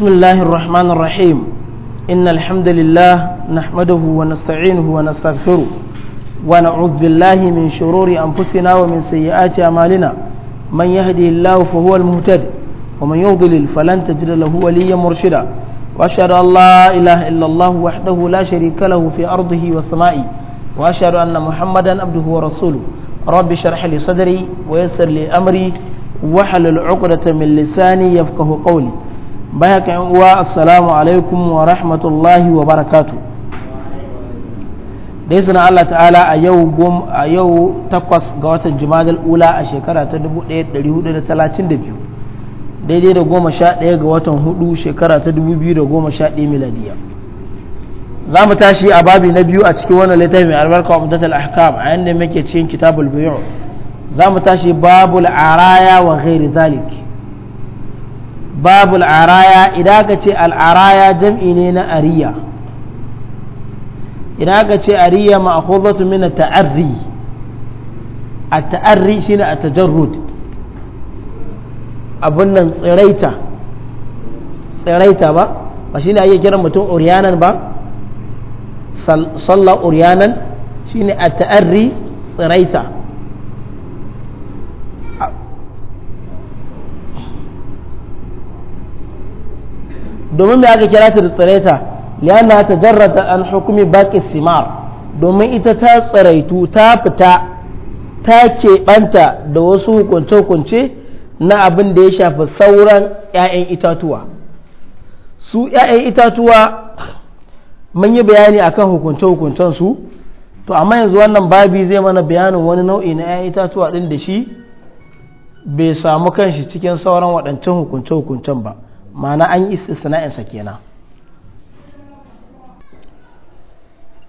بسم الله الرحمن الرحيم إن الحمد لله نحمده ونستعينه ونستغفره ونعوذ بالله من شرور أنفسنا ومن سيئات أعمالنا من يهدي الله فهو المهتد ومن يضلل فلن تجد له وليا مرشدا وأشهد أن لا إله إلا الله وحده لا شريك له في أرضه وسمائه وأشهد أن محمدا عبده ورسوله رب اشرح لي صدري ويسر لي أمري وحلل عقدة من لساني يفقه قولي baya ka yan uwa assalamu alaikum wa rahmatullahi wa barakatu da yi Allah ta'ala a yau a yau takwas ga watan jumadal ula a shekara ta 1432 daidai da goma sha ɗaya ga watan hudu shekara ta 2011 miladiya za mu tashi a babi na biyu a cikin wannan littafi mai albarka wa mutatal ahkam a yanda muke cikin kitabul biyu za mu tashi babul araya wa ghairi zalik babu al'araya idan ce al'araya jam'i ne na ariya idan ce ariya ma'akhudatu min ta'arri at ta'arri shine at tajarrud abun nan tsiraita tsiraita ba ba shine ake kiran mutum uryanan ba sallah uryanan shine ta'arri tsiraita domin me aka kira ta da tsareta lianna ta jarrata an hukumi baqi simar domin ita ta tsaraitu ta fita ta keɓanta da wasu hukunce-hukunce na abin da ya shafi sauran 'ya'yan itatuwa su 'ya'yan itatuwa mun yi bayani akan hukunce-hukuncen su to amma yanzu wannan babi zai mana bayanin wani nau'i na 'ya'yan itatuwa ɗin da shi bai samu kanshi cikin sauran waɗancan hukunce-hukuncen ba ma'ana an yi istisna'insa kenan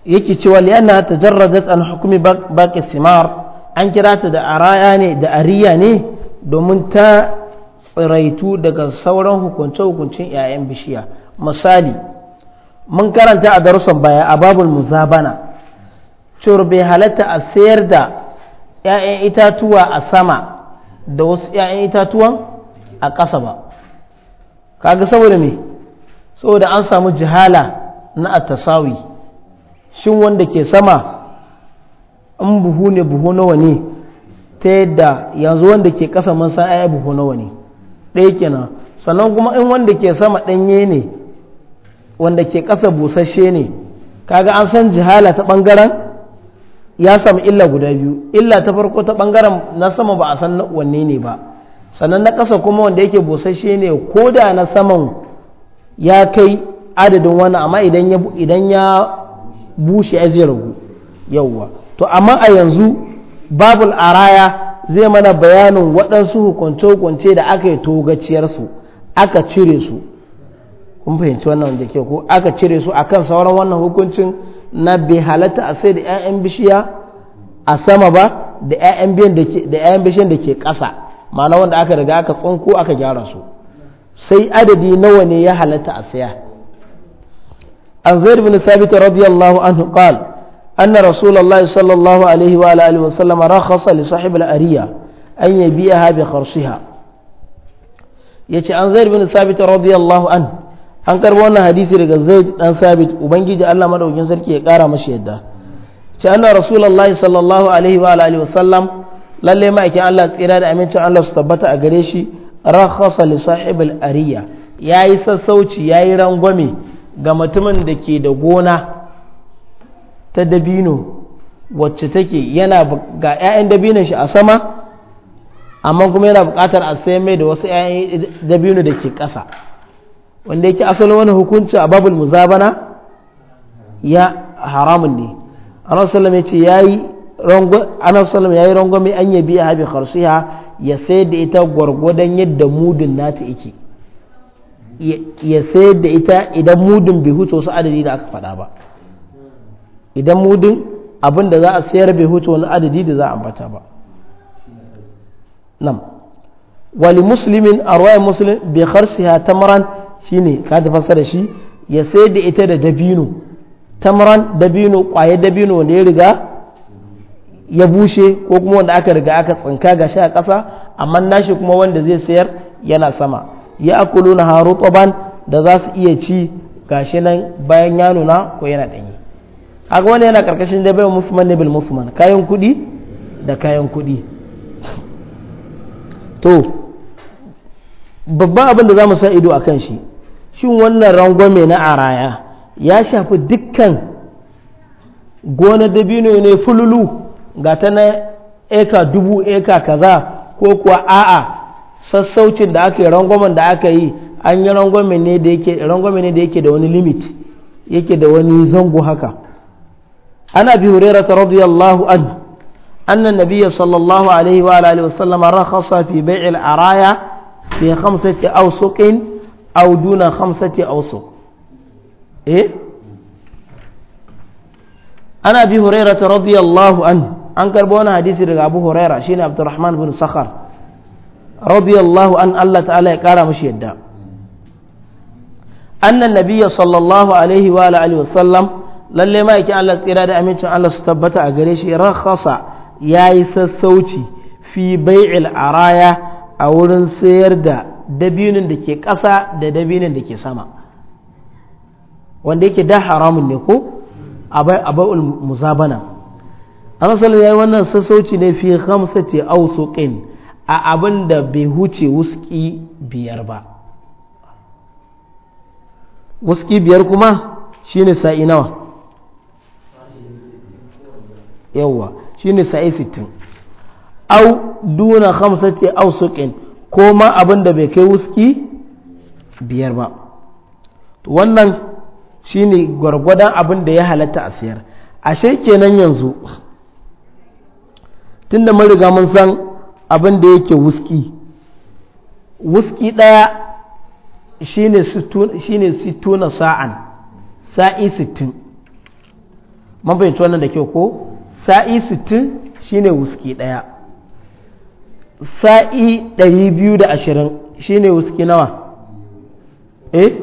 yake cewa liyanna ta jarradat an hukumi baki simar an kira ta da araya ne da ariya ne domin ta tsiraitu daga sauran hukunce hukuncin 'ya'yan bishiya misali mun karanta a darussan baya a babul muzabana cewar bai halatta a sayar da 'ya'yan itatuwa a sama da wasu 'ya'yan itatuwan a ƙasa ba kaga saboda me saboda an samu jihala na atasawi shin wanda ke sama an buhu ne buhu nawa ne ta yadda yanzu wanda ke kasa mun san ai buhu nawa ne ɗaya kenan sannan kuma in wanda ke sama ɗanye ne wanda ke ƙasa busasshe ne kaga an san jihala ta ɓangaren ya samu illa guda biyu illa ta farko ta ɓangaren na sama ba a san wanne ne ba sannan na ƙasa kuma wanda yake busasshe ne ko da na saman ya kai adadin wannan amma idan ya bushe ya zai ragu yauwa to amma a yanzu babul araya zai mana bayanin waɗansu hukunce-hukunce da aka yi togaciyarsu aka cire su kun fahimci wannan wanda ke ko aka cire su akan sauran wannan hukuncin na bai halatta a sai da 'ya'yan bishiya a sama ba da 'ya'yan bishiyan da ke ƙasa ma'ana wanda aka riga aka tsinko aka gyara su sai adadi nawa ne ya halatta a saya an zai bin Sabita radiyallahu anhu qal anna rasulullahi sallallahu alaihi wa alihi wa sallam rakhasa li sahib al-ariya an yabi'aha bi kharsiha yace an zai bin Sabita radiyallahu anhu an karbo wannan hadisi daga zaid dan sabit ubangiji Allah madaukin sarki ya kara mashi yadda ce anna rasulullahi sallallahu alaihi wa alihi wa sallam lalle ma'aikin Allah tsira da amincin Allah su tabbata a gare shi rakhasa li al ariya yayi sassauci yayi rangwame ga mutumin da ke da gona ta dabino wacce take yana ga 'ya'yan dabinon shi a sama amma kuma yana buƙatar a sayar mai da wasu 'ya'yan dabino da ke ƙasa wanda yake asalin wani hukunci a babul muzabana ya haramun ne Allah sallallahu alaihi ya ce yayi annabi sallam yayi rangwame an yabi a habi kharsiha ya sai da ita gwargwadon yadda mudun nata yake ya sai da ita idan mudun bai huce wasu adadi da aka faɗa ba idan mudun abin da za a sayar bai huce wani adadi da za a ambata ba nam wali muslimin a ruwayan muslim bai kharsiha tamaran shine ka ta fassara shi ya sai da ita da dabino tamaran dabino kwaye dabino wanda ya riga ya bushe ko kuma wanda aka riga aka tsinka ga shi a ƙasa amma nashi kuma wanda zai sayar yana sama ya akulu na haru toban da za su iya ci gashi nan bayan ya nuna ko yana ɗanyi haka wanda yana ƙarƙashin da bai mufman ne bil mufman kayan kuɗi da kayan kuɗi to babban abin da za mu sa ido a kan shi shin wannan rangwame na araya ya shafi dukkan gona dabino ne fululu ga ta na eka dubu eka kaza ko kuwa a'a sassaucin da aka yi rangwamen da aka yi an yi rangwamen ne da yake da wani limit yake da wani zango haka ana bi hurairah radiyallahu an anna nabiyya sallallahu alaihi wa alihi wasallam rakhasa fi bai'il araya fi khamsati awsuqin aw duna khamsati awsuq eh ana bi hurairah radiyallahu anhu an karbo wani hadisi daga abu huraira shine abdurrahman bin sakhar radiyallahu an allah ta'ala ya kara mashi yadda annan nabiyya sallallahu alaihi wa alihi wa sallam lalle ma yake allah tsira da amincin allah su tabbata a gare shi rakhasa yayi sassauci fi bai'il araya a wurin sayar da dabinin da ke ƙasa da dabinin da ke sama wanda yake da haramun ne ko a bai'ul muzabana anasal ya yi wannan sassauci ne fi hamsati ausuqin a abin da bai huce wuski biyar ba wuski biyar kuma shi ne sa'i nawa Yawwa, shi ne sa'i sittin au duna hamsati ausuqin ko ma abin da bai kai wuski biyar ba wannan shi ne gwargwadon abin da ya halatta a siyar ashe kenan yanzu tunda mun riga mun san abin da yake wuski wuski ɗaya shi ne situna sa'an sa'i sittin mun wannan da kyau ko sa'i sittin shi ne wuski ɗaya sa'i ɗari biyu da ashirin shi ne wuski nawa eh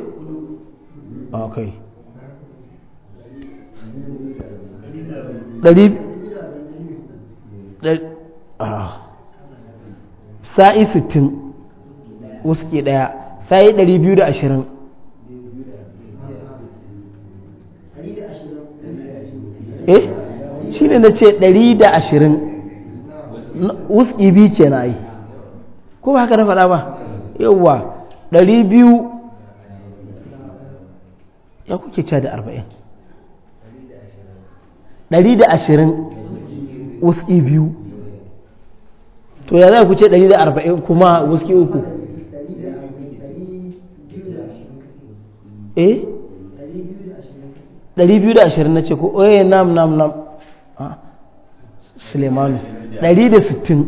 ok Ah, sa'i 60 wuske daya sa'i 220 eh shi ne na ce 120 wuske biyu ce na yi ko ba haka na faɗa ba yauwa 200 ya kuke ca da 40 120 wuski biyu to ya za ku ce 140 kuma wuski uku eh 220 na ce ko eh nam nam nam sulemanu 160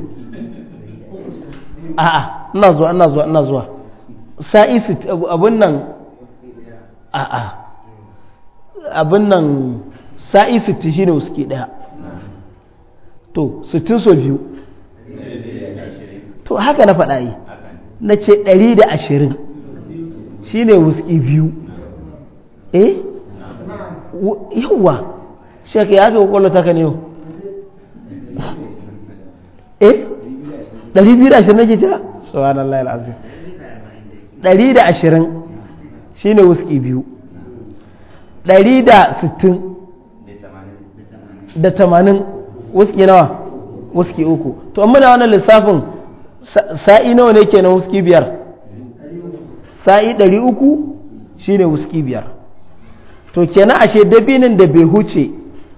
a ina zuwa ina zuwa ina zuwa sa'i abun nan a a abun nan sa'i 60 shine wuski daya to sittin so biyu to haka na faɗa yi na ce ɗari da ashirin shi ne wuski biyu eh yawwa shekhi ya ce kwakwallo ta ka ne yau eh ɗari biyu da ashirin na nake ta tsohon Allah al'azim ɗari da ashirin shi ne wuski biyu ɗari da sittin da tamanin wuski nawa wuski uku to amma da wannan lissafin sa'i nawa ne kenan wuski biyar sa'i ɗari uku shine wuski biyar to kenan ashe dabinin da bai huce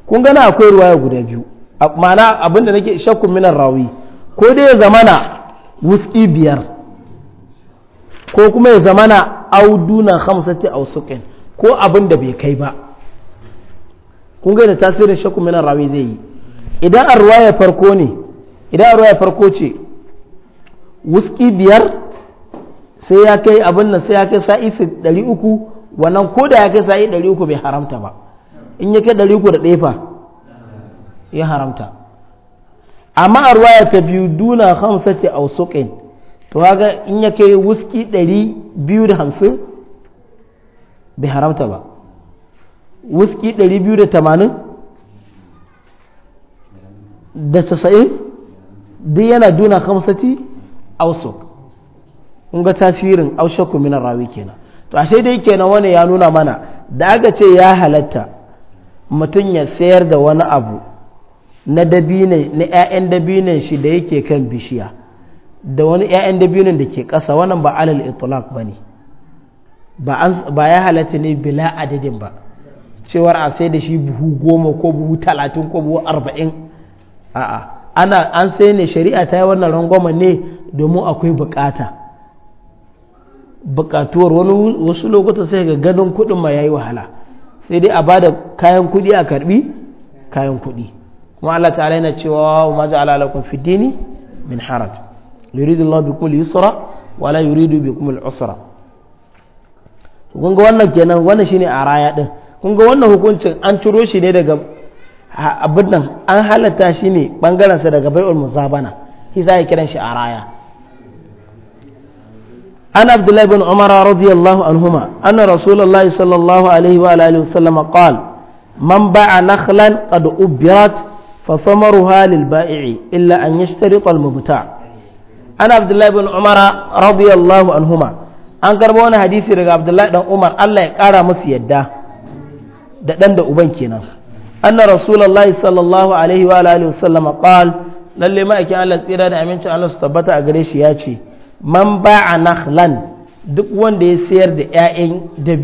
kun gana akwai ruwaya guda biyu ma'ana abinda nake shakkun minar rawi ko dai ya zamana wuski biyar ko kuma ya zamana auduna hamsati ausukin ko abin da bai kai ba kun gani tasirin shakkun minan rawi zai yi idan a ya farko ne idan a ya farko ce wuski biyar sai ya kai abin nan sai ya kai sa'i ɗari uku wannan ko da ya kai sa'i ɗari uku bai haramta ba in ya kai ɗari uku da ɗaya fa ya haramta amma a ruwaya ta biyu duna ce a suƙin to haka in ya kai wuski ɗari biyu da hamsin bai haramta ba wuski ɗari biyu da tamanin da tasa'in duk yana duna kamsati ausuk kun ga tasirin aushaku min rawi kenan to a sai dai kenan wani ya nuna mana da aka ce ya halatta mutum ya sayar da wani abu na dabine na ƴaƴan dabinen shi da yake kan bishiya da wani ƴaƴan dabinin da ke ƙasa wannan ba alal itlaq bane ba ya halatta ne bila adadin ba cewar a sai da shi buhu goma ko buhu talatin ko buhu arba'in a'a ana an sai ne shari'a ta yi wannan rangwamen ne domin akwai bukata bukatuwar wani wasu lokuta sai ga ganin kudin ma yayi wahala sai dai a bada kayan kuɗi a karbi kayan kuɗi kuma Allah ta'ala yana cewa wa ma ja'ala lakum fid dini min haraj yuridu Allah bi kulli yusra wa la yuridu bi kulli usra kun ga wannan kenan wannan shine araya din kun ga wannan hukuncin an turo shi ne daga abin nan an halatta shi ne ɓangarensa daga bai'ul muzabana shi za a kiran shi a raya an abdullahi bin umar radiyallahu anhuma anna rasulullahi sallallahu alaihi wa alihi sallama qal man ba'a nakhlan qad ubirat fa thamaruha lil ba'i'i illa an yashtariqa al mubta an abdullahi bin umar radiyallahu anhuma an karbo wani hadisi daga abdullahi dan umar Allah ya kara musu yadda da dan da uban kenan أن رسول الله صلى الله عليه وآله وسلم قال lalle ma'aikin Allah tsira da amincin Allah su tabbata a gare shi ya ce man ba'a nakhlan duk duk wanda ya sayar da ƴaƴan da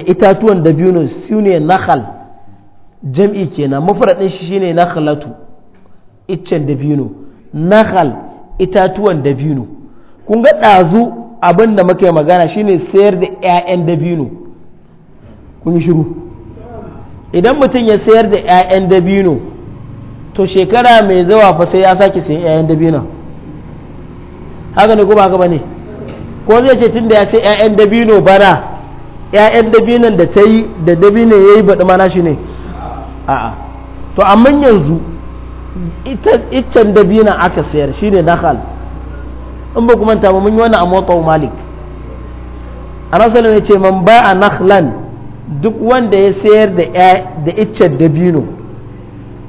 itatuwan dabino sune ne nakhal jam'i kenan mafradin shi shine nakhlatu iccen dabino nakhal itatuwan dabino kun ga ɗazu abin da muke magana shine sayar da 'ya'yan dabino kun shiru idan mutum ya sayar da 'ya'yan dabino to shekara mai zawa fa sai ya sake sayan 'ya'yan dabino haka ne ko haka ba ne ko zai ce tun da ya sai 'ya'yan dabino bana 'ya'yan dabinon da ta yi da dabino ya yi baɗi mana shi ne a'a to amma yanzu iccen dabino aka sayar shine nakal in ba kuma ta mun yi wani a motsa malik anas sallallahu ya ce man ba a nakhlan duk wanda ya sayar da da iccen dabino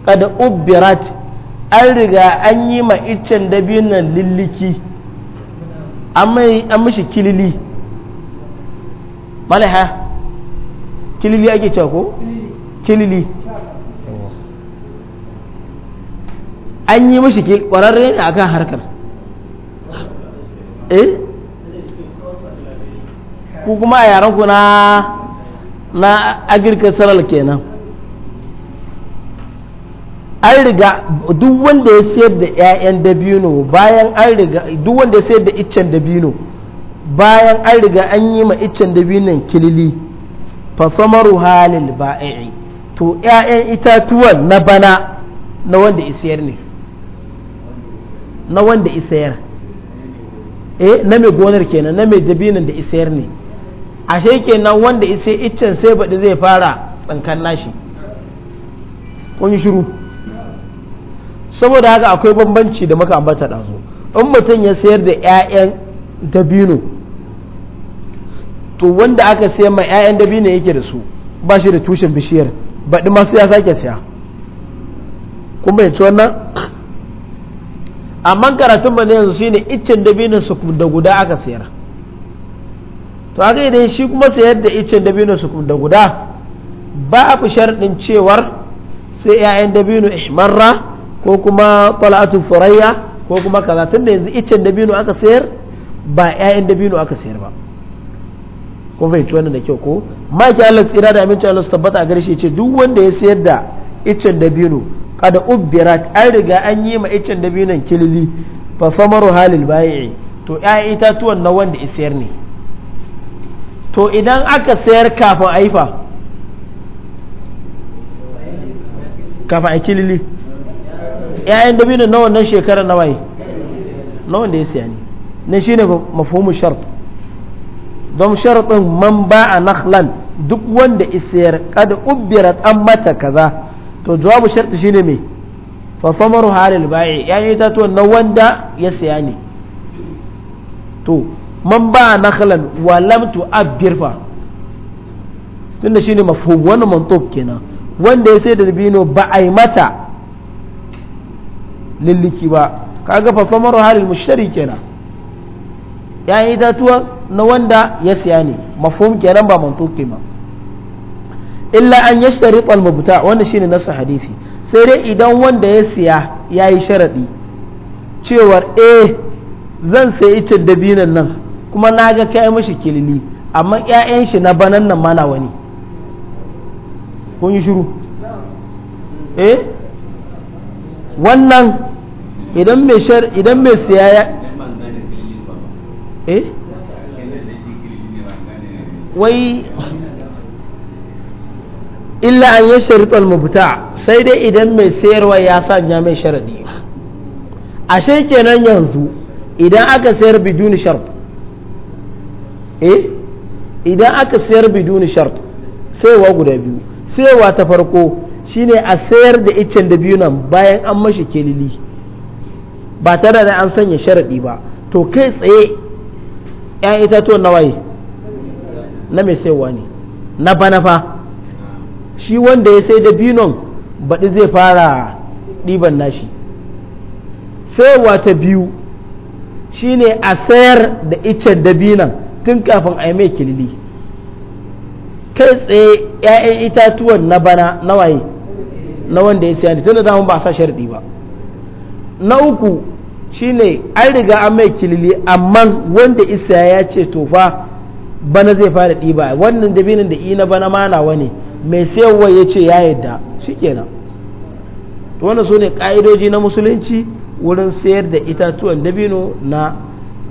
kada ubirat an riga an yi ma iccen dabinon lilliki an mishi kilili malaha kilili ake cewa ko kilili an yi mishi kwararre ne kan harkar eh ku kuma a yaran ku na na agricultural kenan an riga duk wanda ya sayar da 'ya'yan dabino bayan an riga duk wanda ya sayar da iccen dabino bayan an riga an yi ma iccen dabinon kilili fa samaru halil ba'i to 'ya'yan itatuwan na bana na wanda isayar ne na wanda isayar eh na mai gonar kenan na mai dabinin da isayar ne ashe kenan wanda isai iccen sai baɗi zai fara tsankan nashi kun shiru saboda haka akwai bambanci da muka ambata ɗazu in mutum ya sayar da 'ya'yan dabino to wanda aka sayar ma 'ya'yan dabino yake da su ba shi da tushen bishiyar baɗi masu ya sake siya kun bayyanci wannan amma karatun ba ne yanzu ne iccen dabinin su da guda aka sayar to haka idan shi kuma sayar da iccen dabinin su da guda ba a fi sharɗin cewar sai 'ya'yan dabino ishmarra ko kuma tala'atu furayya ko kuma kaza tun da yanzu iccen dabino aka sayar ba 'ya'yan dabino aka sayar ba kun fahimci wannan da kyau ko maki Allah tsira da aminci Allah su tabbata a gare ce duk wanda ya sayar da iccen dabino kada ubbirat an riga an yi ma icen nan kilili fa samaru halil bai'i to ya itatuwan na wanda isayar ne to idan aka sayar kafin aifa kafin a kilili ‘ya'yan dabino na wannan shekarar na waye na wanda ya siya ne na shi ne mafhumu shart don shartin man ba a nakhlan duk wanda isiyar kada ubbirat an mata kaza to jawabu sharti shine me fa famaru halil bai ya yi to na wanda ya siya ne to man ba nakhlan wa lam tu'abbir fa tunda shine mafhum wannan mantub kenan wanda ya sai da bino ba ai mata lilliki ba kaga fa famaru halil mushtari kenan ya yi to na wanda ya siya ne mafhum kenan ba mantub kenan illa an yashtari al-mubta wanda shine nasu hadisi sai dai idan wanda ya siya yayi sharadi cewar eh zan sai iccen dabinan nan kuma na ga kai mashi kilili amma ƴaƴan shi na banan nan mana wani kun yi shiru eh wannan idan mai shar idan mai siya ya eh wai illa an yi sharitul mubta sai dai idan mai sayarwa ya sanya mai sharadi ashe kenan yanzu idan aka sayar biduni shart eh idan aka sayar biduni shart saiwa guda biyu saiwa ta farko shine a sayar da iccen da biyu nan bayan an mashi kelili ba tare da an sanya sharaɗi ba to kai tsaye 'yan itatuwan nawaye na mai saiwa ne na banafa shi wanda ya sai da binon baɗi zai fara ɗiban nashi sai wata biyu shine a sayar da iccen dabinan tun kafin a yi mai kilili kai tsaye 'ya'yan itatuwan na bana na waye na wanda ya siya tun da damun ba a sa sharɗi ba na uku shine an riga an mai kilili amma wanda isa ya ce tofa bana zai fara ɗiba wannan dabinin da ina bana ma nawa ne mai sayarwa ya ce ya yadda shikenan to wanda su ne ƙa'idoji na musulunci wurin sayar da itatuwan dabino na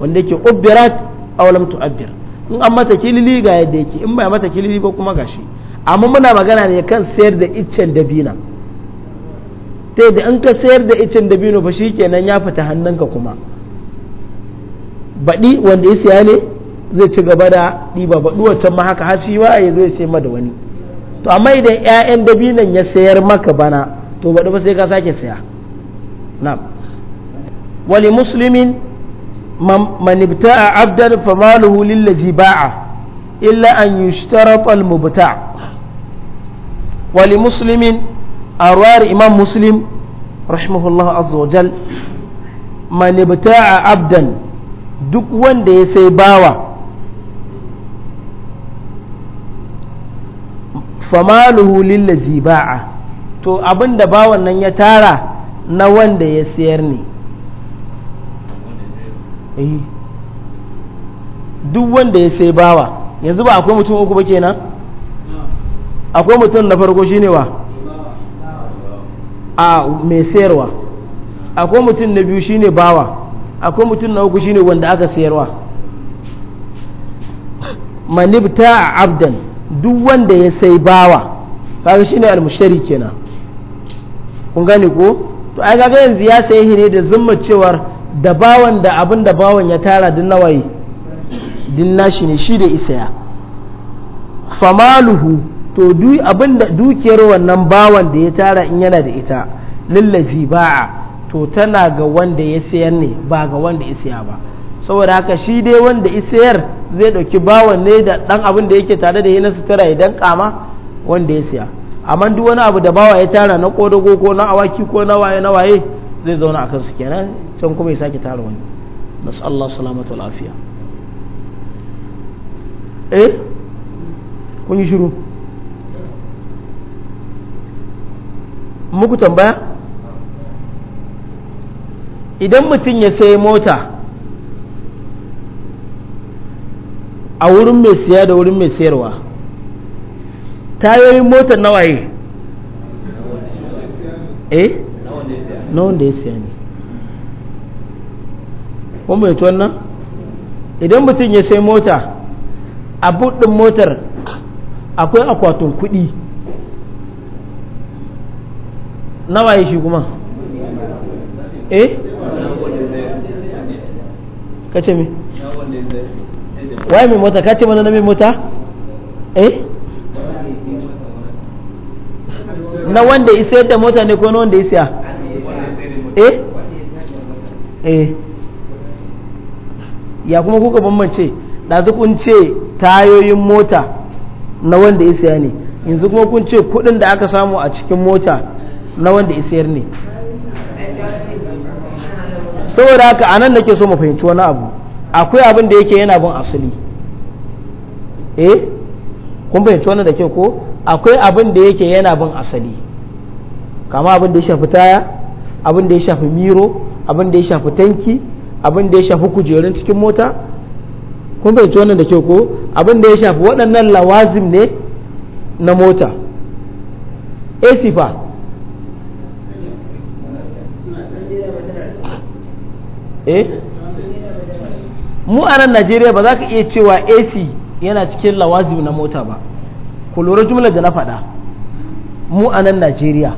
wanda yake ubbirat aw lam abir in an mata kilili ga yadda yake in bai mata kilili ba kuma gashi amma muna magana ne kan sayar da iccen dabina ta yadda in ka sayar da iccen dabino ba shi shikenan ya fita hannunka kuma baɗi wanda ya siya ne zai ci gaba da ɗiba baɗi wancan ma haka har shi wa ya zo ya sayar ma da wani to amma idan 'ya'yan dabinan ya sayar maka bana to ba ba sai ka sake saya na'am wali muslimin man ibta'a abdan fa maluhu lillazi ba'a illa an yushtarata al mubta' wali muslimin arwar imam muslim rahimahullah azza wajal man ibta'a abdan duk wanda ya sai bawa famaluhu lillazi ba'a to abin da bawan nan ya tara na wanda ya sayar ne eh. duk wanda ya sai bawa yanzu ba akwai mutum uku ba kenan akwai mutum na farko shine wa a mai sayarwa akwai mutum na biyu shine bawa akwai mutum na uku shine wanda aka sayarwa manibta abdan duk wanda ya sai bawa kaga shine al almushari kenan kun gani ko to ai kaga yanzu ya sayi hire da zumma cewar da bawan da abin da bawan ya tara din nawayi din nashi ne shi da isaya famaluhu to duk abin da dukiyar wannan bawan da ya tara in yana da ita lillazi ba'a to tana ga wanda ya sayar ne ba ga wanda ya saya ba saboda haka shi dai wanda isayar zai ɗauki bawan ne da ɗan abin da yake tare da yi na sutura idan kama wanda ya siya amma duk wani abu da bawa ya tara na ƙodago ko na awaki ko na waye na waye zai zauna a kansu kenan can kuma ya sake tara wani nasu Allah salamatu lafiya eh kun yi shiru muku tambaya idan mutum ya sai mota a wurin mai siya da wurin mai sayarwa tayoyin motar nawaye eh na wanda ya siya ne kuma mai wannan idan mutum ya sai mota a buɗin motar akwai akwatin kuɗi nawaye shi kuma eh ka ce me waye mai mota ka ce mana na mai mota eh na wanda isa yadda da mota ne ko na wanda ya siya eh eh ya kuma kuka bambance ɗazu kun ce tayoyin mota na wanda ya siya ne yanzu kuma kun ce kuɗin da aka samu a cikin mota na wanda ya ne saboda haka anan nake so mu fahimci wani abu akwai abin da yake yana bin asali eh kun fahimci wannan da ke ko akwai abin da yake yana bin asali kama abin da ya shafi taya abin da ya shafi miro abin da ya shafi tanki abin da ya shafi kujerun cikin mota kun fahimci wannan da ke ko abin da ya shafi waɗannan lawazim ne na mota AC eh mu a nan najeriya ba za ka iya cewa ac yana cikin lawazim na mota ba ku lura jumlar da na faɗa mu a nan najeriya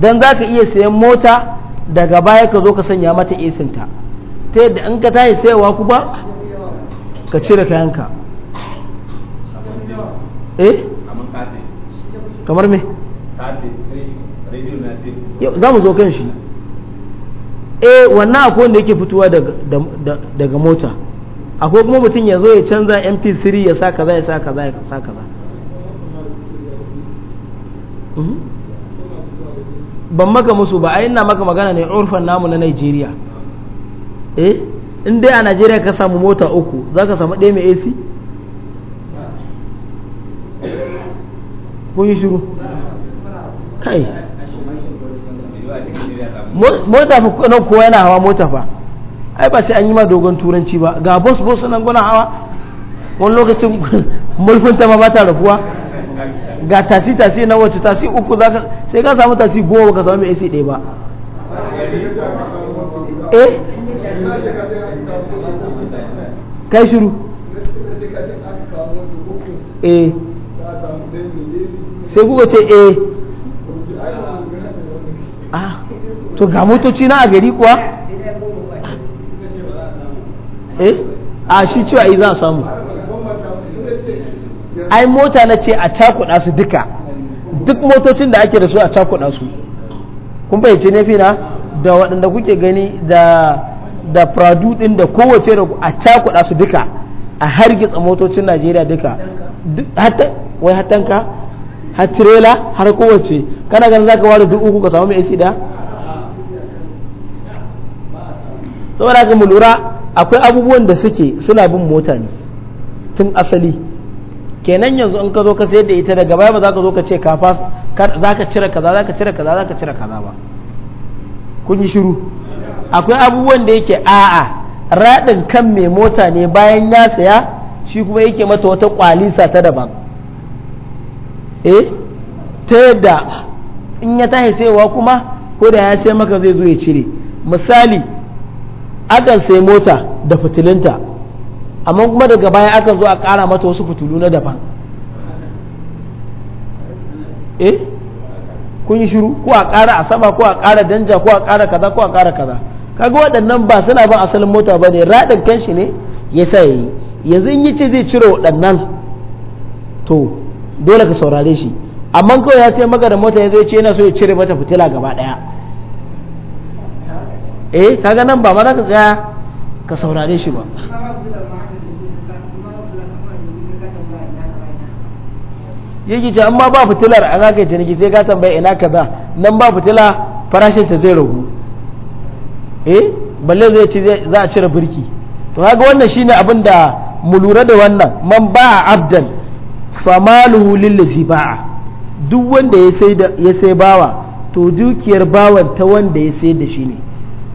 don za ka iya sayan mota daga baya ka zo ka sanya mata ac ta ta yadda in ka tayi sayawa kuma ka cire kayanka eh kamar me za mu zo kan shi eh wannan akwai wanda yake fitowa daga mota akwai kuma mutum ya zo ya canza mp3 ya sa kaza ya sa kaza ya sa kaza mhm. ban maka musu ba a ina maka magana ne urfan namu na nigeria eh in dai a nigeria ka samu mota uku za ka samu ɗaya mai AC kun yi shiru kai mota fa kowa yana hawa mota fa ai ba sai an yi ma dogon turanci ba ga bos bos nan gona hawa wani lokacin mulkin ta ma ba ta rabuwa ga tasi tasi na wace tasi uku zaka sai ka samu tasi goma ka samu mai AC ɗaya ba eh kai shiru eh sai kuka ce eh ah to ga motoci na a gari kuwa eh a shi cewa yi eh za a samu ai mota na ce a cakuɗa su duka duk motocin da ake da su a cakuɗa su kun fahimci ne fina da waɗanda kuke gani da da pradu ɗin da kowace da a cakuɗa su duka a hargitsa motocin najeriya duka wai hatanka har tirela har kowace kana ganin zaka ware duk uku ka samu mai AC da saboda ka mu lura akwai abubuwan da suke suna bin mota ne tun asali kenan yanzu in ka zo ka sayar da ita daga baya ba za ka zo ka ce kafa za ka cire kaza za ka cire kaza za ka cire kaza ba kun yi shiru akwai abubuwan da yake a'a raɗin kan mai mota ne bayan ya saya shi kuma yake mata wata kwalisa ta daban eh ta yadda in ya tashi sayowa kuma ko da ya sai maka zai zo ya cire misali akan sai mota da fitilinta amma kuma daga baya aka zo a ƙara mata wasu fitilu na daban eh kun yi shiru ko a ƙara a sama ko a ƙara danja ko a ƙara kaza ko a ƙara kaza kaga waɗannan ba suna ban asalin mota ba ne raɗin kanshi ne ya sa ya yi yanzu in yi ce zai cire waɗannan to dole ka saurare shi amma kawai ya sai maka da mota ya zai ce yana so ya cire mata fitila gaba ɗaya eh kaga nan ba ma za ka tsaya ka saurare shi ba yake ce amma ba fitilar a zaka yi ciniki sai ka tambaya ina kaza nan ba fitila farashin ta zai ragu eh balle zai ce za a cire birki to haka wannan shine abin da mu lura da wannan man ba abdan famaluhu lillazi ba'a duk wanda ya sai bawa to dukiyar bawan ta wanda ya sai da shi ne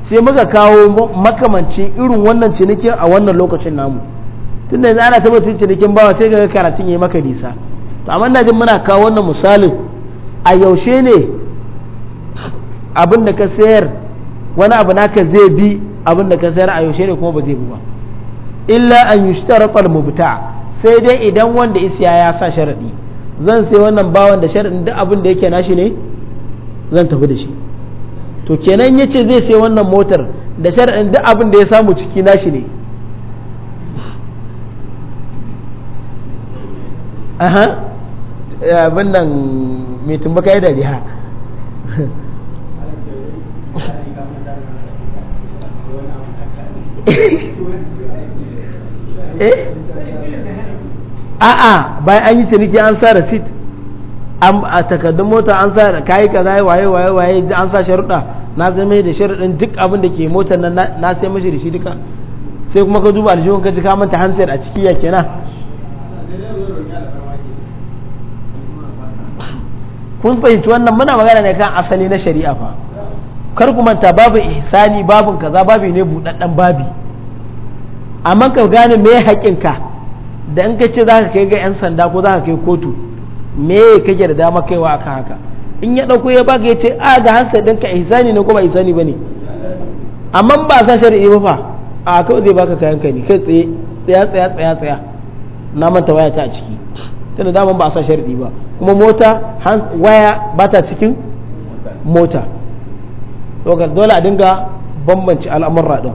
sai muka kawo makamanci irin wannan cinikin a wannan lokacin namu tun da yanzu ana tabbatar cinikin bawa sai ga karatun ya maka nisa to amma na jin muna kawo wannan misalin a yaushe ne abin da ka sayar wani abu naka zai bi abin da ka sayar a yaushe ne kuma ba zai bi ba illa an yushtarata al-mubta sai dai idan wanda isiya ya sa sharadi zan sai wannan bawan da sharadin duk abin da yake nashi ne zan tafi da shi to kenan ya ce zai sai wannan motar da sharaɗin duk abin da ya samu ciki nashi ne aha abin nan mai tumbaka ya eh a'a bayan an yi ciniki an sa receipt a takardun mota an sa kayi kaza waye waye waye an sa sharuɗa na sai mai da sharuɗin duk abin da ke motar nan na sai mashi da shi duka sai kuma ka duba aljihun ka ji ka manta hansiyar a ciki ya kenan kun fahimci wannan muna magana ne kan asali na shari'a fa kar ku manta babu ihsani babu kaza babu ne budaddan babi amma ka gane me haƙinka da in ka ce za ka kai ga 'yan sanda ko za ka kai kotu me kake da dama kaiwa aka haka in ya dauko ya baka ya ce a ga hansa ɗinka ihsani ne kuma ne ba ne amma ba sa shari'i ba fa a kawai zai baka kayan ka ne kai tsaye tsaya tsaya tsaya tsaya na manta waya ta a ciki tana dama ba a sa shari'i ba kuma mota waya ba ta cikin mota saboda dole a dinga bambanci al'amurra ɗin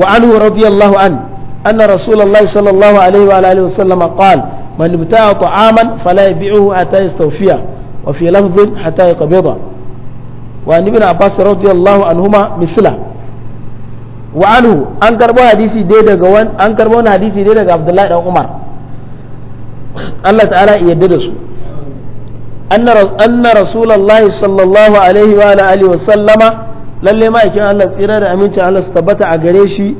wa anhu radiyallahu an anna rasulullahi sallallahu alaihi wa alihi wa sallama qala من ابتاع طعاما فلا يبيعه حتى يستوفيه وفي لفظ حتى يقبضه وعن ابن عباس رضي الله عنهما مثله وعنه an karbo hadisi daga wani an karbo hadisi dai daga Abdullahi Umar Allah ta'ala ya yarda da su anna anna rasulullah sallallahu alaihi wa alihi wa sallama lalle ma yake Allah tsira da aminci Allah su tabbata a gare shi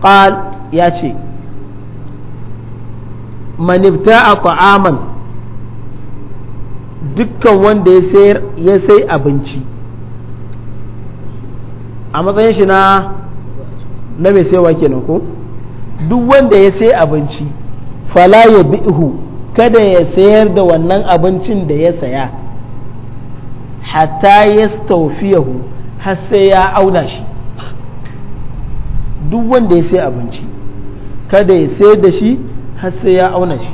qal ya ce manibta a ta'aman dukkan wanda ya sai abinci a matsayin shi na na mai saiwa kenan ko duk wanda ya sai abinci fala ya bi'hu kada ya sayar da wannan abincin da ya saya hatta ya staufiyahu har sai ya auna shi duk wanda ya sai abinci kada ya sayar da shi har sai ya auna shi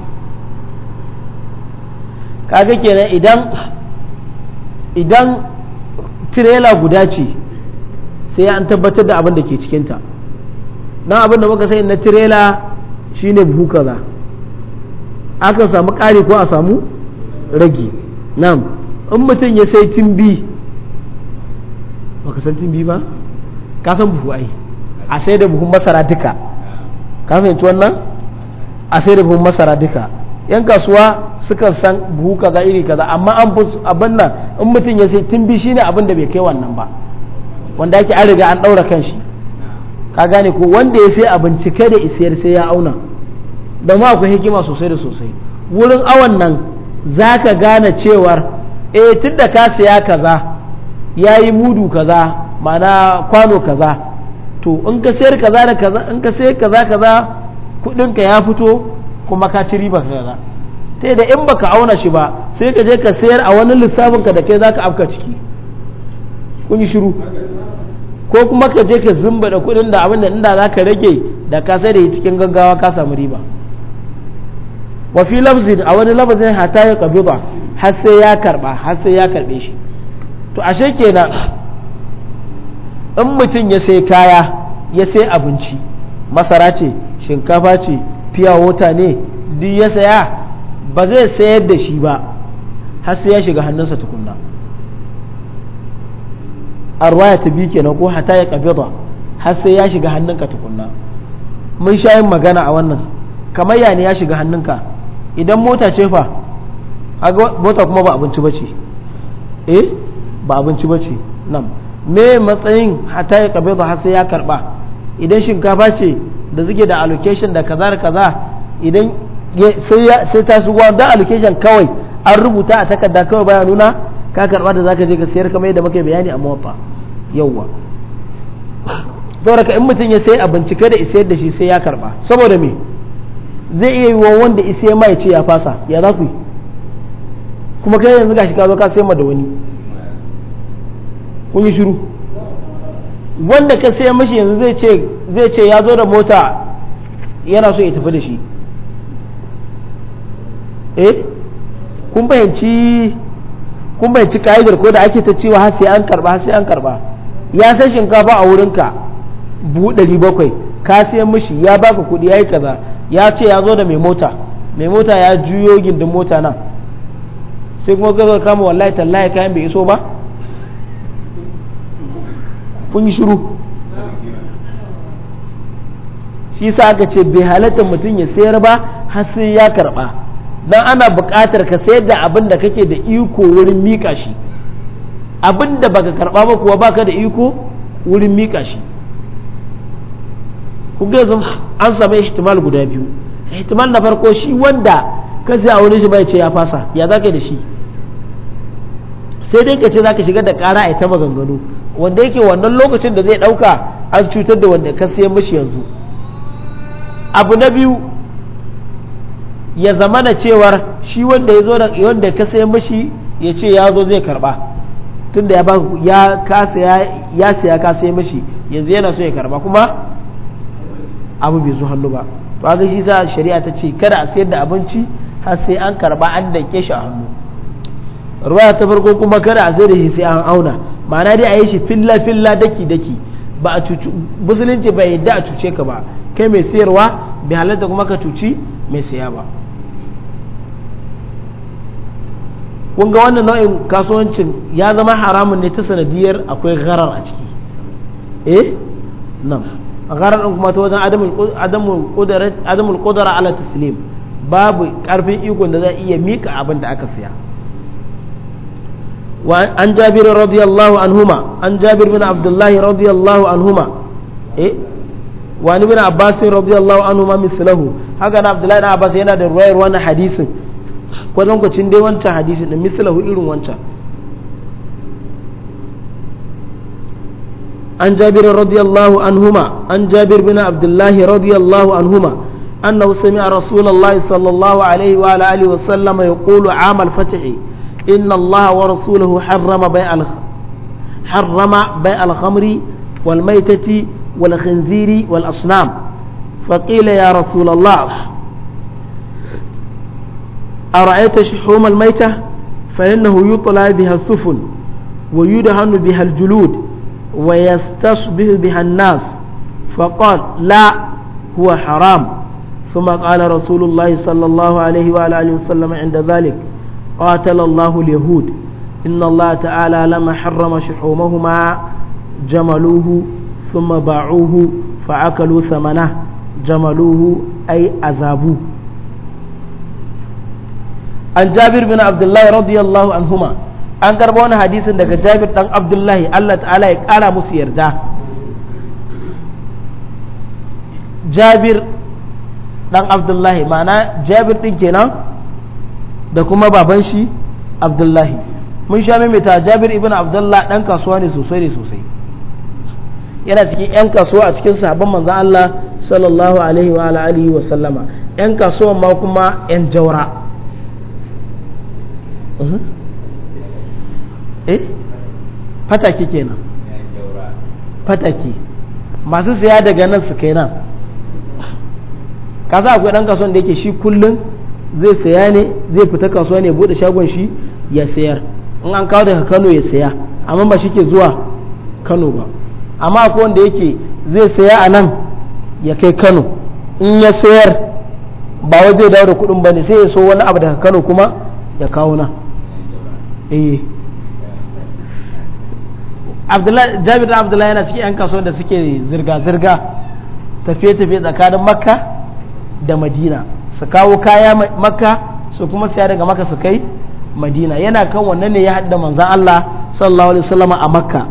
kaga kenan idan idan tirela guda ce sai an tabbatar da abin da ke cikinta don abin da muka sani na tirela shine buhu kaza aka samu ƙari ko a samu ragi nam in mutum ya sai timbi baka san timbi ba ka san buhu ai a sai da buhun masara duka ka fahimci wannan a sai da buhun masara duka yan kasuwa suka san buhu kaza iri kaza amma an abin nan in mutum ya sai tumbi shine abin da bai kai wannan ba wanda ake an riga an ɗaura kan shi ka gane ko wanda ya sai abinci cike da isiyar sai ya auna da ma akwai hikima sosai da sosai wurin awan nan za ka gane cewar eh tun da ka saya kaza ya yi mudu kaza ma'ana kwano kaza to in ka sayar kaza da kaza in ka sayar kaza kaza kudinka ya fito kuma ka ci riba da ta da in baka auna shi ba sai ka je ka sayar a wani lissafin ka da kai zaka afka ciki kun yi shiru ko kuma ka je ka zumba da kudin da abin da inda zaka rage da ka sai da cikin gaggawa ka samu riba wa fi lafzin a wani lafzin hata ya kabida har sai ya karba har sai ya karbe shi to ashe kenan in mutum ya sai kaya ya sai abinci masara ce shinkafa ce fiya wota ne duk ya saya ba zai sayar da shi ba har sai ya shiga hannunsa tukunna arwaya ta bi kenan ko hata ya kabida har sai ya shiga hannunka tukunna mun sha yin magana a wannan kamar ya ne ya shiga hannunka idan mota ce fa mota kuma ba abinci bace eh ba abinci bace nan me matsayin hata ya kabida har sai ya karba idan shinkafa ce da suke da allocation da kaza da kaza idan sai ta shigo da allocation kawai an rubuta a takarda kawai baya nuna ka karba da zaka je ka sayar kamar yadda muka bayani a mawafa yawwa saboda in mutum ya sai a bincike da isayar da shi sai ya karba saboda me zai iya yi wa wanda isai ma ya ce ya fasa ya za ku yi kuma kai yanzu gashi ka zo ka sai ma da wani kun yi shiru wanda ka sai mashi yanzu zai ce ya zo da mota yana so ya tafi da shi eh kun fahimci ka'idar ko da ake ta cewa har sai an karba har sai an karba ya san shinkafa a wurinka buhu ɗari bakwai ka sai mashi ya baka kuɗi ya yi kaza ya ce ya zo da mai mota mai mota ya juyo gindin mota nan sai kuma ka kama wallahi tallahi kayan bai iso ba kun yi shiru shi sa aka ce bai halatta mutum ya sayar ba har sai ya karba dan ana buƙatar ka sayar da abin da kake da iko wurin mika shi abin da baka karba ba kuwa baka da iko wurin mika shi kun ga yanzu an samu ihtimal guda biyu ihtimal na farko shi wanda ka sai a wurin shi bai ce ya fasa ya zaka da shi sai dai ka ce zaka shiga da ƙara a ita maganganu wanda yake wannan lokacin da zai ɗauka an cutar da wanda ka sayan mashi yanzu abu na biyu ya zama na cewar shi wanda ya zo da wanda ka sayan mashi ya ce ya zo zai karba tunda ya ba ya kasa ya siya ka sayan mashi yanzu yana so ya karba kuma abu bai zo hannu ba to haka shi sa shari'a ta ce kada a sayar da abinci har sai an karba an dake shi a hannu ruwaya ta farko kuma kada a sayar da shi sai an auna ma'ana dai a yi shi filla filla daki daki ba a cuci musulunci bai yadda a cuce ka ba kai mai sayarwa bai halatta kuma ka cuci mai saya ba kun ga wannan nau'in kasuwancin ya zama haramun ne ta sanadiyar akwai gharar a ciki eh nan gharar din kuma ta wajen adamul qudara ala taslim babu karfin ikon da za iya mika abin da aka siya وعن جابر رضي الله عنهما عن جابر بن عبد الله رضي الله عنهما إيه؟ وعن ابن عباس رضي الله عنهما مثله هكذا عبد الله بن عباس yana da ruwayar wannan hadisin kwatankwacin dai wancan hadisin da mislahu irin wancan عن جابر رضي الله عنهما عن جابر بن عبد الله رضي الله عنهما أنه سمع رسول الله صلى الله عليه وعلى آله وسلم يقول عام الفتح إن الله ورسوله حرم بيع حرم بيع الخمر والميتة والخنزير والأصنام فقيل يا رسول الله أرأيت شحوم الميتة فإنه يطلع بها السفن ويدهن بها الجلود ويستشبه بها الناس فقال لا هو حرام ثم قال رسول الله صلى الله عليه وعلى آله وسلم عند ذلك قاتل الله اليهود إن الله تعالى لما حرم شحومهما جملوه ثم باعوه فأكلوا ثمنه جملوه أي أذابوه عن جابر بن عبد الله رضي الله عنهما an karba wani hadisin daga jabir dan abdullahi allah ta'ala ya kara musu yarda jabir dan abdullahi ma'ana jabir din kenan da kuma baban shi abdullahi mun sha ta jabir ibn abdullah dan kasuwa ne sosai ne sosai yana cikin yan kasuwa a cikin sahabban manzan Allah sallallahu alaihi wa alihi wa sallama yan kasuwa ma kuma yan jaura mhm. eh fataki kenan fataki masu siya daga nan su kai nan kasa akwai dan kasuwan da yake shi kullum? zai saya ne zai fita kasuwa ne bude shagon shi ya sayar in an kawo daga Kano ya saya amma ba shi ke zuwa Kano ba amma akwai wanda yake zai saya a nan ya kai Kano in ya sayar ba wai zai dawo da kuɗin ba ne sai ya so wani abu daga Kano kuma ya kawo na eh Abdullahi Jabir Abdullahi yana cikin 'yan kasuwa da suke zirga-zirga tafiye-tafiye tsakanin Makka da Madina su kawo kaya makka su kuma siya daga makka su kai madina yana kan wannan ne ya hadda manzan Allah sallallahu alaihi wasallam a makka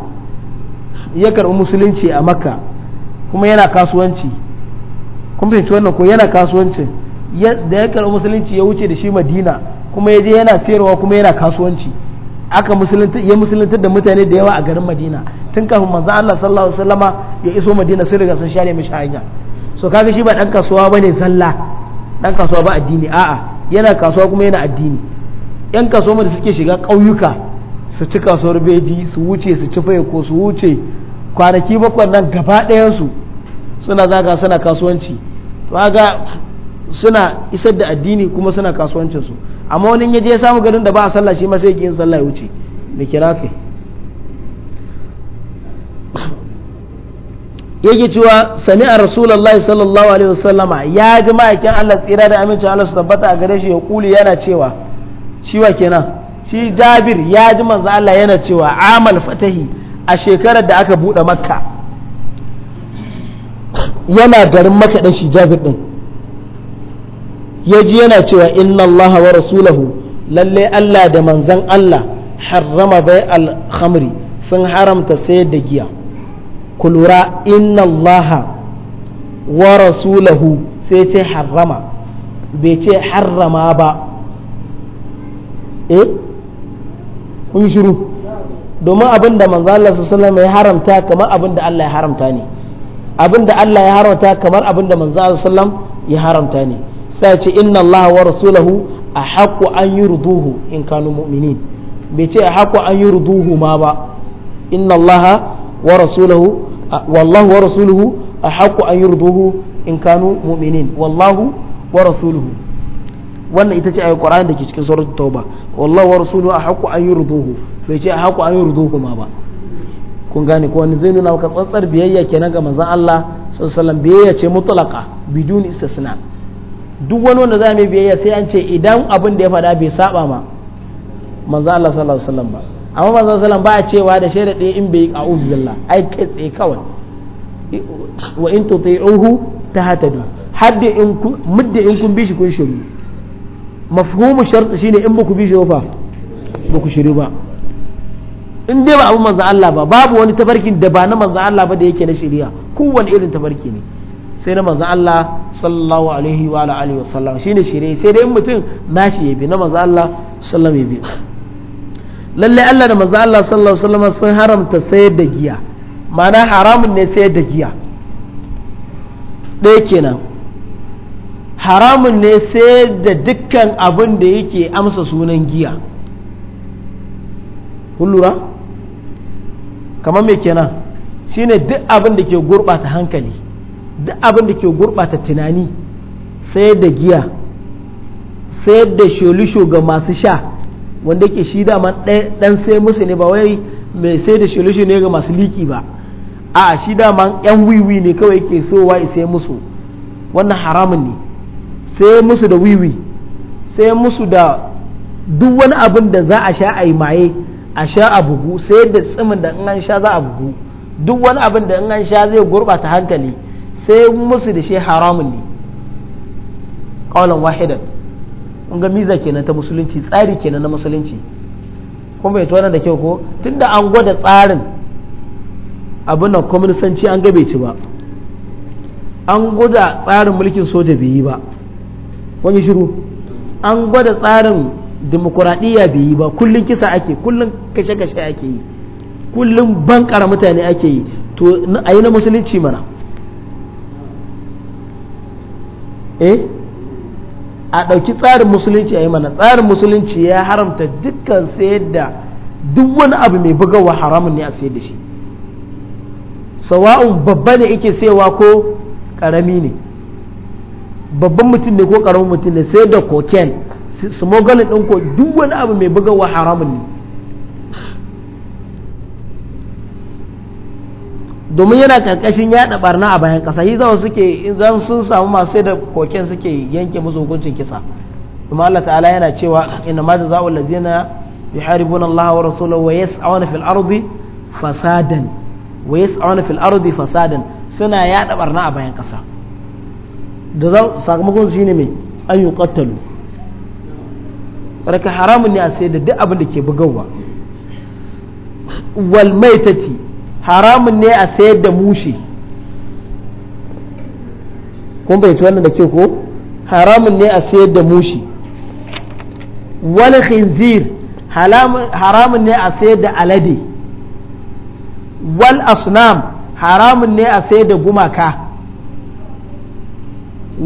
ya karɓi musulunci a makka kuma yana kasuwanci kuma fahimci wannan ko yana kasuwanci da ya karɓi musulunci ya wuce da shi madina kuma ya je yana sayarwa kuma yana kasuwanci aka musulunta ya musulunta da mutane da yawa a garin madina tun kafin manzan Allah sallallahu alaihi wasallama ya iso madina sun riga sun share mishi hanya so kaga shi ba dan kasuwa bane zalla dan kasuwa ba addini a'a yana kasuwa kuma yana addini yan kasuwa da suke shiga ƙauyuka su ci kasuwar beji su wuce su ci faye ko su wuce kwanaki bakwai nan gaba su suna zaga suna kasuwanci to ga suna isar da addini kuma suna kasuwancinsu amma wani yaje ya samu garin da ba a sallah shi ma sai yin sallah ya wuce me kira yake cewa sami'a rasulallah sallallahu alaihi wasallama ya ji ma'aikin Allah tsira da amincin Allah su tabbata a gare shi ya kuli yana cewa shi wa kenan shi Jabir ya ji manzo Allah yana cewa amal fatahi a shekarar da aka buɗe Makka yana garin Makka dan shi Jabir Ya ji yana cewa inna Allah wa rasulahu lalle Allah da manzan Allah harrama bai al-khamri sun haramta sayar da giya ku lura inna allaha wa rasulahu sai ce harrama bai ce harrama ba eh kun shiru domin abin da manzo Allah sallallahu ya haramta kamar abin da Allah ya haramta ne abin da Allah ya haramta kamar abin da manzo Allah sallallahu ya haramta ne sai ce inna Allah wa rasulahu ahaqqu an yurduhu in kanu mu'minin bai ce ahaqqu an yurduhu ma ba inna Allah wa rasulahu wallahu wa rasuluhu a يرضوه an كانوا in kanu mu'minin wallahu wa rasuluhu wannan ita ce ayi Qur'ani da ke cikin suratul Tauba wallahu wa rasuluhu a an yurduhu bai ce a an yurduhu ma ba kun gane ko wannan zai nuna maka tsantsar biyayya kenan ga manzon Allah sallallahu alaihi wasallam biyayya ce mutlaqa bidun istisna duk wani wanda za mu biyayya sai an ce idan abin da ya faɗa bai saba ma manzon Allah sallallahu alaihi wasallam ba amma manzo sallam baya cewa da shaida ɗaya in bai a'udhu billah ai kai tsaye kawai wa in tuti'uhu tahtadu hadda in kun mudda in kun bi kun shiru mafhumu shart shine in baku bi shi fa baku shiru ba in dai ba abu manzo Allah ba babu wani tabarkin da ba na manzo Allah ba da yake na shari'a kowanne irin tabarki ne sai na manzo Allah sallallahu alaihi wa alihi wa sallam shine shari'a sai dai mutum nashi yabi na manzo Allah sallallahu alaihi wa sallam yabi lalle Allah da manzo Allah sallallahu alaihi wasallam sun haramta sayar da giya ma'ana haramun ne sayar da giya ɗaya kenan haramun ne sayar da dukkan abin da yake amsa sunan giya kun lura kamar me kenan shine duk abin da ke gurɓata hankali duk abin da ke gurɓata tunani sayar da giya sayar da sholisho ga masu sha wanda yake shi dama dan sai musu ne ba wai mai sai da shi ne ga masu liki ba a shi dama yan wiwi ne kawai ke so sowa sai musu wannan haramun ne sai musu da wiwi sai musu da duk wani abin da za a sha a yi maye a sha a bugu sai da tsimin da in an sha za a bugu duk wani abin da in an sha zai gurɓata hankali sai musu da shi haramun ne ƙaunar wahidan kun ga miza kenan ta musulunci tsari kenan na musulunci kuma bai tona da kyau ko tunda an gwada tsarin abin nan kwaminisanci an gabe ci ba an gwada tsarin mulkin soja bai yi ba wani shiru an gwada tsarin demokuraɗiyya bai yi ba kullum kisa ake kullum kashe-kashe ake yi kullum bankara mutane ake yi to a yi na musulunci mana eh a ɗauki tsarin musulunci a yi mana tsarin musulunci ya haramta dukkan sayar da duk wani abu mai bugawa haramun ne a sayar da shi sawa'un babba ne yake sayawa ko karami ne babban mutum ne ko karamin mutum ne sai da koken smuggling ɗin ko duk wani abu mai bugawa haramun ne domin yana karkashin yada barna a bayan kasa hizawa suke idan sun samu masu sai da koken suke yanke musu hukuncin kisa kuma Allah ta'ala yana cewa inna ma jazaa'u allazina yuharibuna Allah wa rasulahu wa yas'una fil ardi fasadan wa yas'una fil ardi fasadan suna yada barna a bayan kasa da za sakamakon shine mai an katalu raka haramun ne a sai da duk abin da ke bugawa wal maitati haramun ne a sayar da mushi kun bai wannan da ke ko haramun ne a sayar da mushi wani khinzir haramun ne a sayar da alade wal asnam haramun ne a sayar da gumaka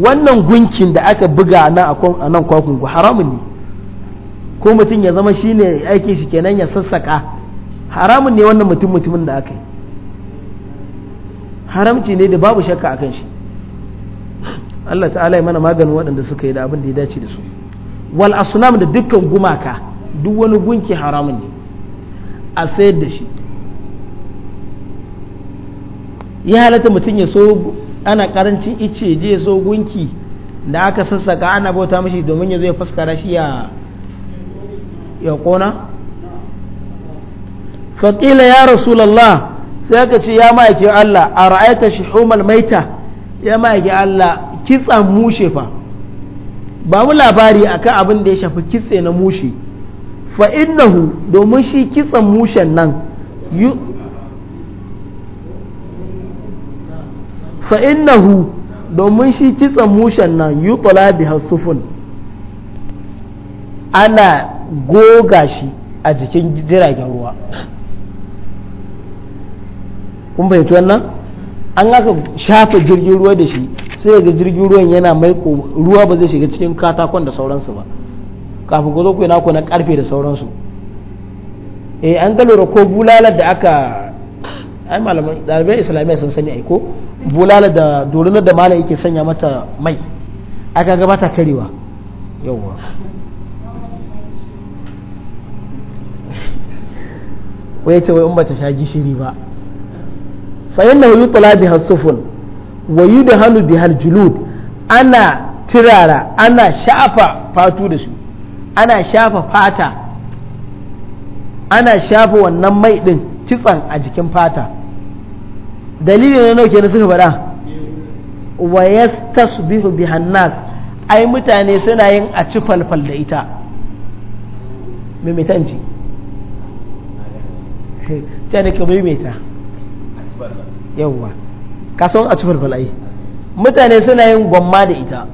wannan gunkin da aka buga a nan kwakungu haramun ne ko mutum ya zama shine aikin shi kenan ya sassaka haramun ne wannan mutum mutumin da aka yi haramci ne da babu shakka a kan shi Allah ta'ala ya mana maganin waɗanda suka yi da abin da ya dace da su wal asnam da dukkan gumaka duk wani gunki haramun ne a sayar da shi ya halatta mutum ya so ana karancin ice je ya so gunki da aka sassaka ana bauta mashi domin ya zo ya faskara shi ya ya kona faƙila ya rasulallah sai ka ce ya ma'aikin Allah a ra'aita shihumal maita ya ma'aikin Allah kitsan mushe fa ba mu labari kan abin da ya shafi kitse na mushe fa innahu domin shi kitsan mushen nan fa innahu domin shi kitsan mushen nan yi biha sufun ana goga shi a jikin jiragen ruwa kun fahimci wannan an aka shafa jirgin ruwa da shi sai ga jirgin ruwan yana mai ruwa ba zai shiga cikin katakon da sauransu ba kafin ku zo ku naku na karfe da sauransu eh an ga lura ko bulalar da aka ai malaman dalibai islamiyya sun sani ai ko bulalar da dorinar da malam yake sanya mata mai aka gabata karewa yawwa wai ta wai in bata sha gishiri ba fa innahu yutla biha sufun wa yudhanu biha julud ana tirara ana shafa fatu da su ana shafa fata ana shafa wannan mai din kitsan a jikin fata dalili ne nauke na suka faɗa wa yastasbihu biha nas ai mutane suna yin a ci falfal da ita mimitanci ta ne ka mimita yawwa ka san a cifar falfala mutane suna yin gwamma da ita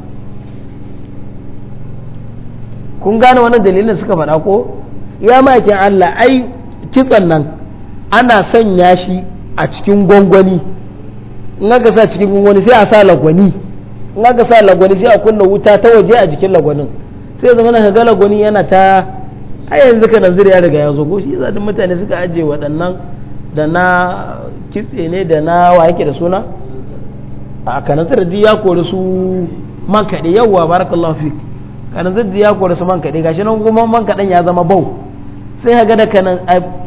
kun gane wani dalilin suka faɗa ko ya makin Allah ai kitsan nan ana sanya shi a cikin gwangwani in aka sa cikin gwangwani sai a sa lagwani in aka sa lagwani sai a kunna wuta ta waje a jikin lagwanin sai zama na ga lagwani yana ta a yanzu ka nan ya riga ya zo shi za mutane suka ajiye waɗannan da na kitse ne da na wa yake da suna a kanatar da ya kori su man kaɗe yawwa barakallahu fi kanatar da ya kori su man kaɗe gashi nan kuma man kaɗen ya zama bau sai haga da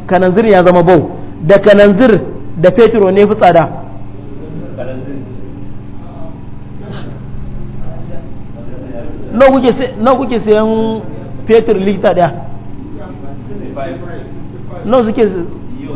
kananzir ya zama bau da kananzir da fetiro ne fi tsada na kuke sayan fetur likita ɗaya na suke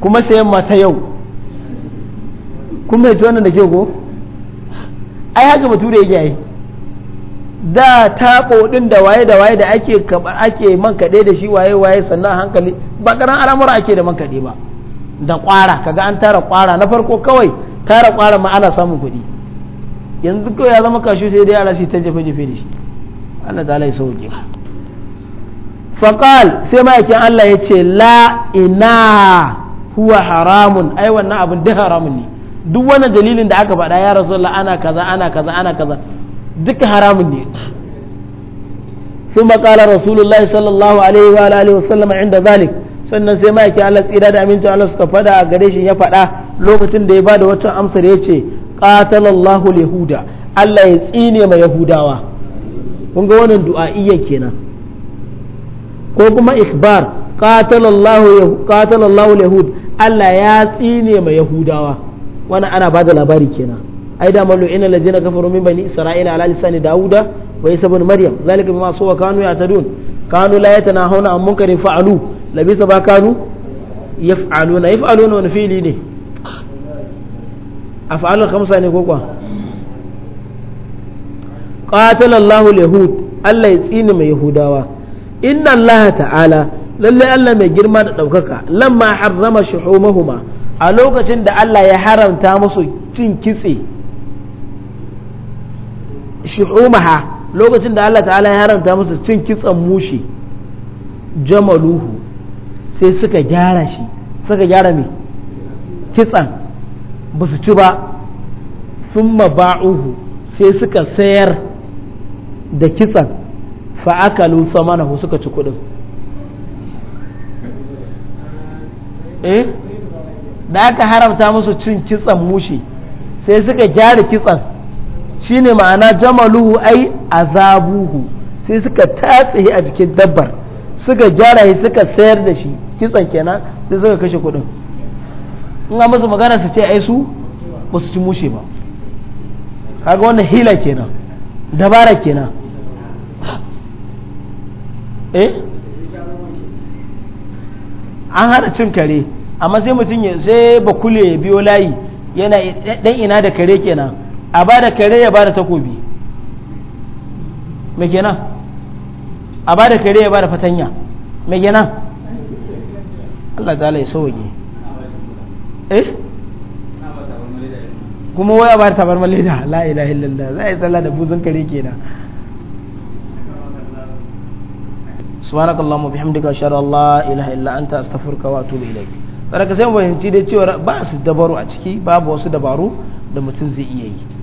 kuma sayan mata yau kuma yaji wannan da ke go ai haka bature yake yi da ta kodin da waye da waye da ake ake man kade da shi waye waye sannan hankali ba karan al'amura ake da man kade ba da kwara kaga an tara kwara na farko kawai tara kwara ma ana samun kuɗi yanzu kawai ya zama kashu sai dai yara shi ta jefe jefe da shi Allah ta lai sauke faqal sai ma'aikin Allah ya ce la ina huwa haramun ai wannan abin duk haramun ne duk wani dalilin da aka faɗa ya rasulullah ana kaza ana kaza ana kaza duka haramun ne ثم قال رسول الله صلى الله عليه وآله وسلم عند ذلك sannan sai ma'aikin Allah tsira da aminta Allah suka fada a gare shi ya faɗa lokacin da ya bada wata amsar ya ce qatalallahu yahuda Allah ya tsine ma yahudawa kun ga wannan du'a'iyya kenan ko kuma ikbar qatalallahu qatalallahu Allah ya tsine ma yahudawa wani ana bada labari kenan ai da mallu inna allazina kafaru min bani isra'ila ala lisani dauda wa isa ibn maryam zalika bima sawa kanu tadun kanu la hauna an munkarin fa'alu labisa ba kanu yaf'aluna yaf'aluna wani fili ne afalu khamsa ne ko kwa qatala allah yahud Allah ya tsine mai yahudawa inna allah ta'ala lalle Allah mai girma da ɗaukaka lamma harrama shuhumahuma a lokacin da Allah ya haramta musu cin kitse shuhumaha lokacin da Allah ta'ala ya haramta musu cin kitsen mushi jamaluhu sai suka gyara shi suka gyara mai kitsen ba su ci ba sun ba'uhu sai suka sayar da kitsen fa'akalu samanahu suka ci kuɗin eh da aka haramta musu cin kitsan mushi sai suka gyara kitsan shine ma'ana jamaluhu ai azabuhu sai suka tatse a jikin dabbar suka gyara shi suka sayar da shi kitsan kenan sai suka kashe kuɗin in ga musu magana su ce ai su ba su ci mushe ba kaga wannan hila kenan dabara kenan eh an hana cin kare amma sai mutum ya sai ba kule ya biyo layi yana dan ina da kare kenan a ba da kare ya ba da takobi me kenan a ba da kare ya ba da fatanya me kenan Allah ta ya sauke eh kuma waya ba ta bar malleda la ilaha illallah za a yi tsalla da buzun kare kenan subhanaka allahumma bihamdika ashhadu an la ilaha illa anta astaghfiruka wa atubu ilaik sai ka sai mu fahimci dai cewa ba su dabaru a ciki babu wasu dabaru da mutum zai iya yi